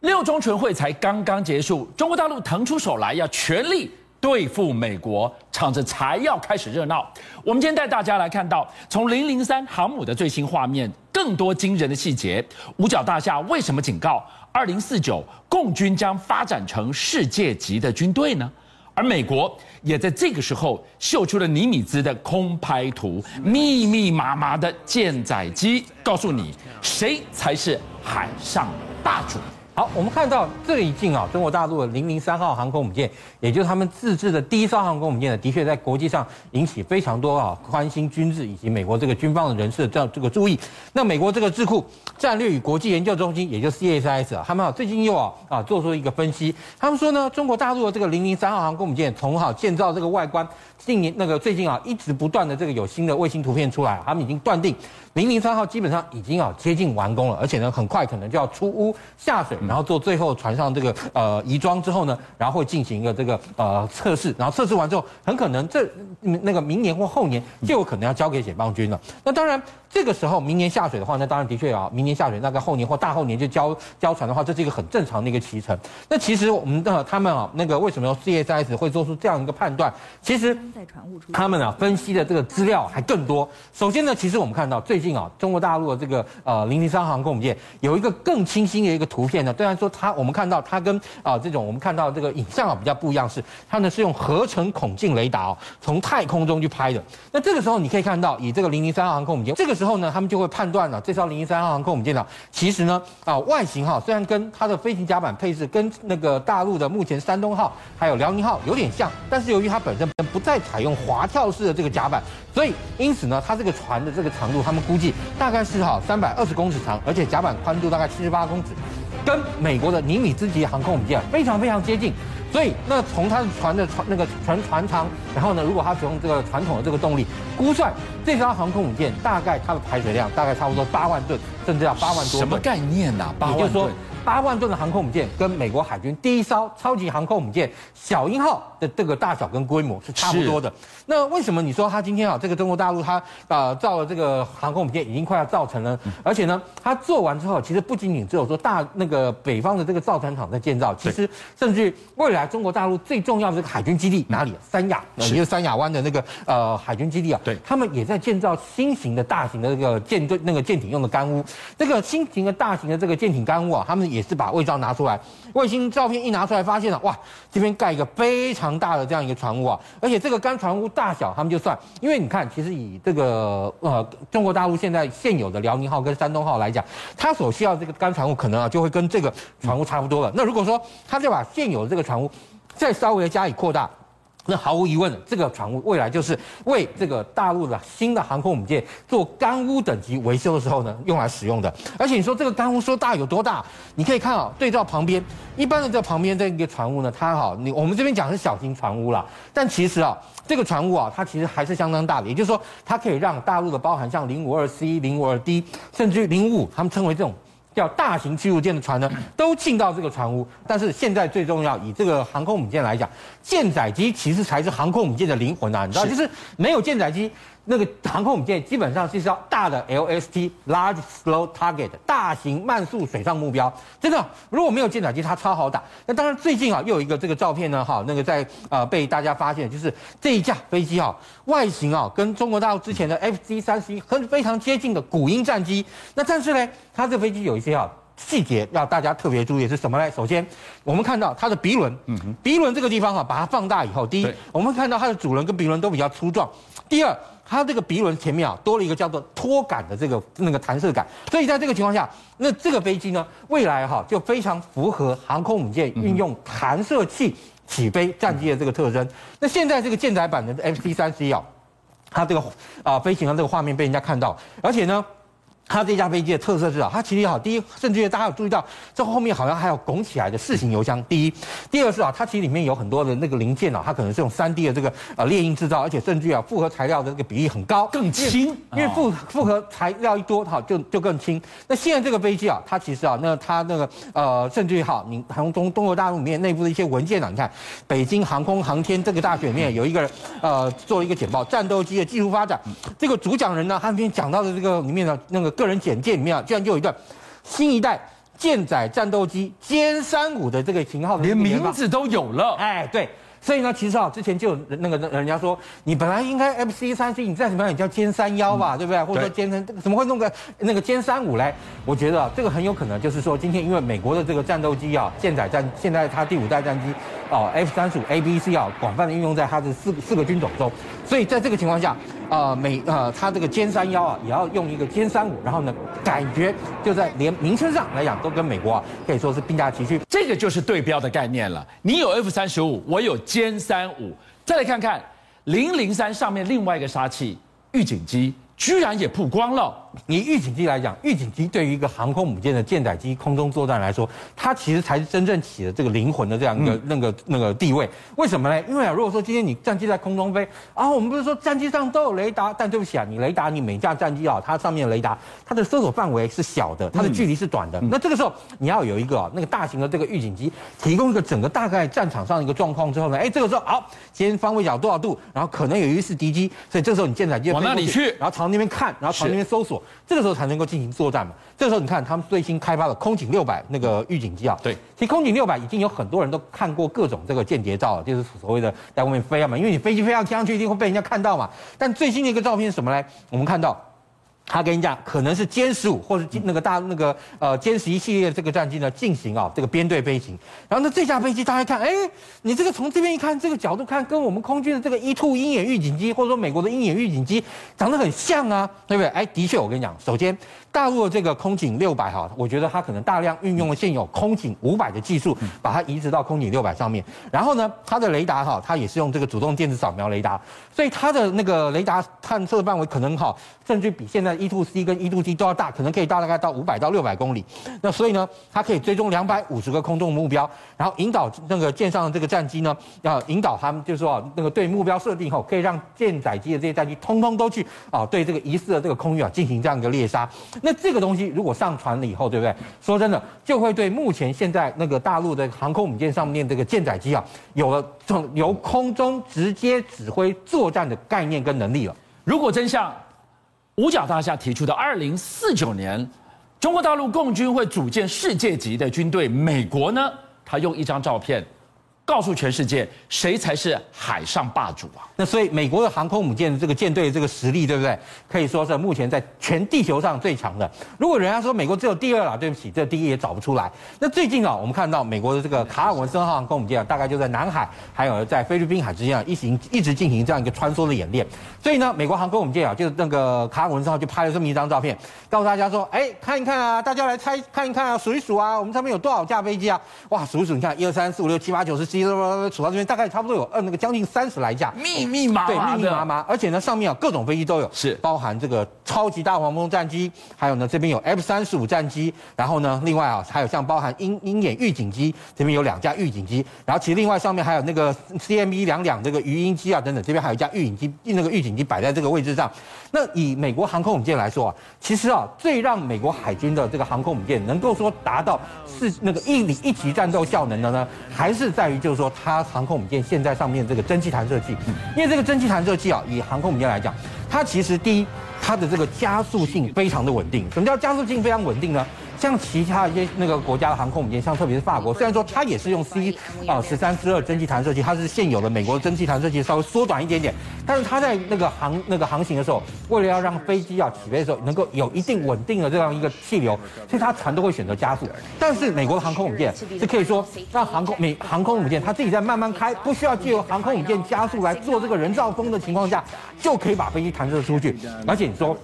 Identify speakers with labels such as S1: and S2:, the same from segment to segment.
S1: 六中全會才剛剛結束，中國大陸騰出手來，要全力對付美國，場子才要開始熱鬧。我們今天帶大家來看到從零零三航母的最新畫面，更多驚人的細節。五角大廈為什麼警告二零四九，共軍將發展成世界級的軍隊呢？而美國也在這個時候秀出了尼米茲的空拍圖，密密麻麻的艦載機，告訴你誰才是海上霸主。好，我們看到這一鏡啊，中國大陸的零零三號航空母艦，也就是他們自制的第一艘航空母艦呢，的確在國際上引起非常多啊，關心軍事以及美國這個軍方的人士的這樣這個注意。那美國這個智庫戰略與國際研究中心，也就是 CSIS 啊，他們啊最近又啊啊做出一個分析，他們說呢，中國大陸的這個零零三號航空母艦從好建造這個外觀，近年那個最近啊一直不斷的這個有新的衛星圖片出來，他們已經斷定零零三號基本上已經啊接近完工了，而且呢很快可能就要出塢下水。然後做最後船上這個呃儀裝之後呢，然後會進行一個這個呃測試，然後測試完之後，很可能這那個明年或後年就有可能要交給解放軍了。那當然，這個時候明年下水的話，那當然的確啊，明年下水，大概後年或大後年就交交船的話，這是一個很正常的一個期程。那其實我們的、呃、他們啊，那個為什麼用 CSIS 會做出這樣一個判斷？其實他們啊分析的這個資料還更多。首先呢，其實我們看到最近啊，中國大陸的這個呃零零三航空母艦有一個更清晰的一個圖片呢。雖然、啊、說它，我們看到它，跟啊這種我們看到的這個影像，啊比較不一樣，是它呢是用合成孔徑雷達哦，從太空中去拍的。那這個時候你可以看到，以這個零零三號航空母艦，這個時候呢，他們就會判斷了，這艘零零三號航空母艦呢，其實呢啊外形哈，雖然跟它的飛行甲板配置跟那個大陸的目前山東號還有遼寧號有點像，但是由於它本身不再採用滑跳式的這個甲板，所以因此呢，它這個船的這個長度，他們估計大概是哈三百二十公尺長，而且甲板寬度大概七十八公尺。跟美國的尼米茲級航空母艦非常非常接近，所以那從它的船的船那個船船長，然後呢，如果它使用這個傳統的這個動力估算，這艘航空母艦大概它的排水量大概差不多八萬噸，甚至要八萬多。什麼概念吶、啊？八萬噸，也就是說八萬噸的航空母艦跟美國海軍第一艘超級航空母艦“小鷹號”的這個大小跟規模是差不多的。那為什麼你說它今天啊，這個中國大陸它啊、呃、造了這個航空母艦已經快要造成了、嗯？而且呢，它做完之後，其實不僅僅只有說大那個北方的這個造船廠在建造，其實甚至於未來中國大陸最重要的這個海軍基地哪裡？三亞、啊，也就是三亞灣的那個呃海軍基地啊，對他們也。在建造新型的大型的那個艦隊、那個艦艇用的乾塢，這、那個新型的大型的這個艦艇乾塢啊，他們也是把衛照拿出來，衛星照片一拿出來，發現了哇，這邊蓋一個非常大的這樣一個船塢啊，而且這個乾船塢大小，他們就算，因為你看，其實以這個呃中國大陸現在現有的遼寧號跟山東號來講，它所需要這個乾船塢可能啊就會跟這個船塢差不多了。那如果說他再把現有的這個船塢再稍微的加以擴大，那毫無疑問，這個船塢未來就是為這個大陸的新的航空母艦做乾塢等級維修的時候呢，用來使用的。而且你說這個乾塢說大有多大？你可以看啊、哦，對照旁邊一般的這旁邊這個船塢呢，它哈，你我們這邊講是小型船塢啦，但其實啊，這個船塢啊，它其實還是相當大的。也就是說，它可以讓大陸的包含像零五二 C、零五二 D，甚至於零五五，他們稱為這種。叫大型驅逐艦的船呢，都進到這個船塢。但是現在最重要，以這個航空母艦來講，艦載機其實才是航空母艦的靈魂啊！你知道，就是沒有艦載機。那個航空母艦基本上是一艘大的 LST Large Slow Target 大型慢速水上目標，真的如果沒有艦載機，它超好打。那當然最近啊又有一個這個照片呢，哈，那個在啊、呃、被大家發現，就是這一架飛機哈、啊、外形啊跟中國大陸之前的 FC-31 很非常接近的鶻鷹戰機。那但是呢，它這飛機有一些啊細節要大家特別注意是什麼呢？首先我們看到它的鼻輪、嗯，鼻輪這個地方啊，把它放大以後，第一我們看到它的主輪跟鼻輪都比較粗壯。第二，它這個鼻輪前面啊多了一個叫做拖杆的這個那個彈射桿，所以在這個情況下，那這個飛機呢，未來哈就非常符合航空母艦運用彈射器起飛戰機的這個特徵。嗯、那現在這個艦載版的 FC-31 啊，它這個啊飛行的這個畫面被人家看到，而且呢。它這架飛機的特色是啊，它其實也好，第一，甚至於大家有注意到，這後面好像還有拱起來的四型油箱。第一，第二是啊，它其實裡面有很多的那個零件啊，它可能是用 3D 的這個啊列印製造，而且甚至於啊，複合材料的這個比例很高，更輕，因為，因為複、哦、複合材料一多，哈，就就更輕。那現在這個飛機啊，它其實啊，那它那個呃，甚至於好，你航空中國大陸裡面內部的一些文件啊，你看，北京航空航天這個大學裡面有一個人呃，做了一個簡報，戰鬥機的技術發展，嗯、這個主講人呢，漢斌講到的這個裡面呢，那個。個人簡介裡面啊，居然就有一段，新一代艦載戰鬥機殲三五的這個型號、個號、哎、連名字都有了。哎，對，所以呢，其實啊，之前就有那個人家說，你本來應該 F C 三 C，你在什麼樣你叫殲三幺吧，嗯、對不對？或者說殲三，怎麼會弄個那個殲三五來？我覺得啊，這個很有可能就是說，今天因為美國的這個戰鬥機啊，艦載戰，現在它第五代戰機哦，F 三十五 A B C 啊，廣泛的運用在它的四四個軍種中，所以在這個情況下。啊、呃，美啊、呃，它這個殲三幺啊，也要用一個殲三五，然後呢，感覺就在連名稱上來講，都跟美國啊可以說是並駕齊驅，這個就是對標的概念了。你有 F 三十五，我有殲三五，再來看看零零三上面另外一個殺器預警機，居然也曝光了。你預警機來講，預警機對於一個航空母艦的艦載機空中作戰來說，它其實才是真正起了這個靈魂的這樣一個、嗯、那個那個地位。為什麼呢？因為啊，如果說今天你戰機在空中飛，然後，啊，我們不是說戰機上都有雷達，但對不起啊，你雷達你每架戰機啊，它上面雷達它的搜索範圍是小的，它的距離是短的。嗯、那這個時候你要有一個、啊、那個大型的這個預警機提供一個整個大概戰場上的一個狀況之後呢，哎，這個時候好，今天方位角多少度，然後可能有一次敵機，所以這時候你艦載機往那裡去，然後朝那邊看，然後朝那邊搜索。這個時候才能夠進行作戰嘛。這個時候你看，他們最新開發的空警六百那個預警機啊，對，其實空警六百已經有很多人都看過各種這個間諜照了，就是所謂的在外面飛啊嘛，因為你飛機飛上天上去一定會被人家看到嘛。但最新的一個照片是什麼呢？我們看到。他跟你講，可能是殲十五或者是那個大那個呃殲十一系列的這個戰機呢進行啊、哦、這個編隊飛行，然後那這架飛機大家一看，哎，你這個從這邊一看，這個角度看，跟我們空軍的這個 E-2 鷹眼預警機或者說美國的鷹眼預警機長得很像啊，對不對？哎，的確，我跟你講，首先。大陸的這個空警六百哈，我覺得它可能大量運用了現有空警五百的技術，把它移植到空警六百上面。然後呢，它的雷達哈，它也是用這個主動電子掃描雷達，所以它的那個雷達探測範圍可能哈，甚至比現在 E2C 跟 E2G 都要大，可能可以大大概到五百到六百公里。那所以呢，它可以追蹤兩百五十個空中目標，然後引導那個艦上的這個戰機呢，要引導他們就是說那個對目標設定後，可以讓艦載機的這些戰機通通都去啊，對這個疑似的這個空域啊進行這樣一個獵殺。那這個東西如果上傳了以後，對不對？說真的，就會對目前現在那個大陸的航空母艦上面這個艦載機啊，有了從由空中直接指揮作戰的概念跟能力了。如果真像五角大廈提出的二零四九年，中國大陸共軍會組建世界級的軍隊，美國呢？他用一張照片。告訴全世界誰才是海上霸主啊？那所以美國的航空母艦的這個艦隊的這個實力，對不對？可以說是目前在全地球上最強的。如果人家說美國只有第二了，對不起，這第一也找不出來。那最近啊，我們看到美國的這個卡爾文森號航空母艦啊，大概就在南海，還有在菲律賓海之間、啊，一行一直進行這樣一個穿梭的演練。所以呢，美國航空母艦啊，就是那個卡爾文森號就拍了這麼一張照片，告訴大家說：哎，看一看啊，大家來猜看一看啊，數一數啊，我們上面有多少架飛機啊？哇，數一數，你看一二三四五六七八九十十數到這邊大概差不多有二那個將近三十來架，密密麻麻，對，密密麻麻，而且呢上面有啊各種飛機都有，是包含這個超級大黃蜂戰機，還有呢這邊有 F 三十五戰機，然後呢另外啊還有像包含鷹鷹眼預警機，這邊有兩架預警機，然後其實另外上面還有那個 CME 兩兩這個魚鷹機啊等等，這邊還有一架預警機，那個預警機擺在這個位置上。那以美國航空母艦來說啊，其實啊最讓美國海軍的這個航空母艦能夠說達到是那個一米一級戰鬥效能的呢，還是在於。就是說，它航空母艦現在上面這個蒸汽彈射器，因為這個蒸汽彈射器啊，以航空母艦來講，它其實第一，它的這個加速性非常的穩定。什麼叫加速性非常穩定呢？像其他一些那個國家的航空母艦，像特別是法國，雖然說它也是用 C 啊十三四二蒸汽彈射器，它是現有的美國的蒸汽彈射器稍微縮短一點點，但是它在那個航那個航行的時候，為了要讓飛機要、啊、起飛的時候能夠有一定穩定的這樣一個氣流，所以它船都會選擇加速。但是美國的航空母艦是可以說讓航空美航空母艦它自己在慢慢開，不需要借由航空母艦加速來做這個人造風的情況下，就可以把飛機彈射出去。而且你說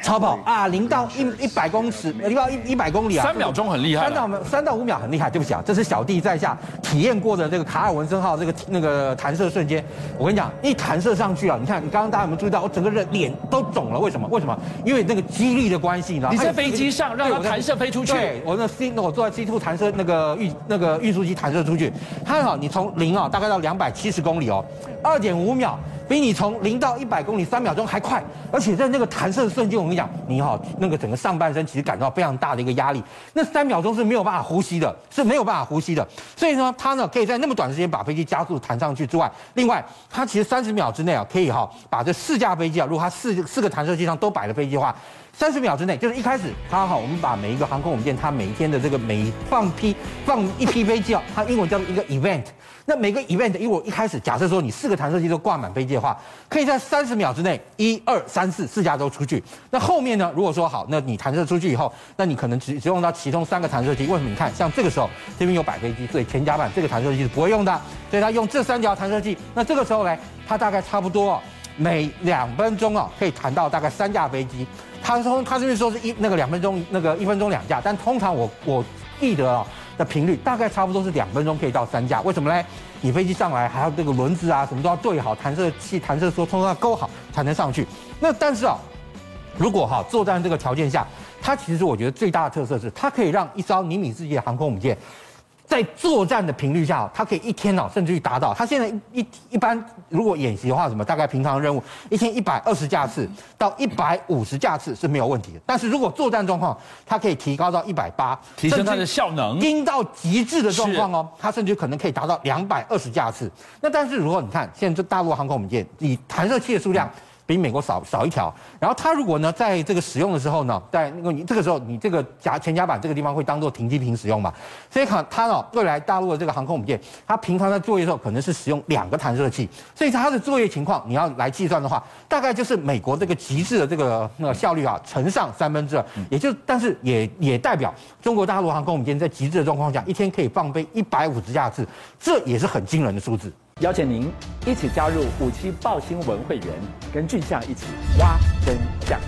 S1: 超跑啊，零到一一百公尺，零到一一百。百公里啊，三秒鐘很厲害，三到三到五秒很厲害。對不起啊，這是小弟在下體驗過的這個卡爾文森號這個那個彈射瞬間。我跟你講，一彈射上去啊，你看你剛剛大家有沒有注意到，我整個人臉都腫了？為什麼？為什麼？因為那個機力的關係，你知道嗎？你在飛機上讓我彈射飛出去？對，我,對我那 C，我坐在 C two 彈射那個運那個運輸機彈射出去，還好你從零啊，大概到兩百七十公里哦，二點五秒。比你從零到一百公里三秒鐘還快，而且在那個彈射的瞬間，我跟你講，你好、哦，那個整個上半身其實感到非常大的一個壓力。那三秒鐘是沒有辦法呼吸的，是沒有辦法呼吸的。所以呢，它呢可以在那麼短時間把飛機加速彈上去之外，另外它其實三十秒之內啊，可以哈、哦，把這四架飛機啊，如果它四四個彈射機上都擺了飛機的話。三十秒之內，就是一開始，它好，我們把每一個航空母艦，它每一天的這個每放批放一批飛機啊，它英文叫做一個 event。那每個 event，因為我一開始假設說你四個彈射器都掛滿飛機的話，可以在三十秒之內，一二三四四架都出去。那後面呢，如果說好，那你彈射出去以後，那你可能只只用到其中三個彈射器。為什麼？你看，像這個時候這邊有擺飛機，所以前甲板這個彈射器是不會用的，所以它用這三條彈射器。那這個時候呢，它大概差不多哦，每兩分鐘哦，可以彈到大概三架飛機。他說：“他這邊說是一那個兩分鐘，那個一分鐘兩架，但通常我我記得啊的頻率大概差不多是兩分鐘可以到三架。為什麼呢？你飛機上來，還有這個輪子啊什麼都要對好，彈射器、彈射索通通要勾好才能上去。那但是啊、哦，如果哈、哦、作戰這個條件下，它其實我覺得最大的特色是它可以讓一艘尼米茲級航空母艦。”在作戰的頻率下，它可以一天哦，甚至於達到它現在一一般，如果演習的話，什麼大概平常任務一天一百二十架次到一百五十架次是沒有問題的。但是如果作戰狀況，它可以提高到一百八，提升它的效能，精到極致的狀況哦，它甚至可能可以達到兩百二十架次。那但是如果你看現在這大陸航空母艦，以彈射器的數量。嗯比美國少少一條，然後它如果呢，在這個使用的時候呢，在那個你這個時候你這個甲，前甲板這個地方會當做停機坪使用嘛。所以看它呢，未來大陸的這個航空母艦，它平常在作業的時候可能是使用兩個彈射器，所以它的作業情況你要來計算的話，大概就是美國這個極致的這個效率啊，乘上三分之二，嗯、也就但是也也代表中國大陸航空母艦在極致的狀況下，一天可以放飛一百五十架次，這也是很驚人的數字。邀請您一起加入五七爆新聞會員，跟俊相一起挖真相。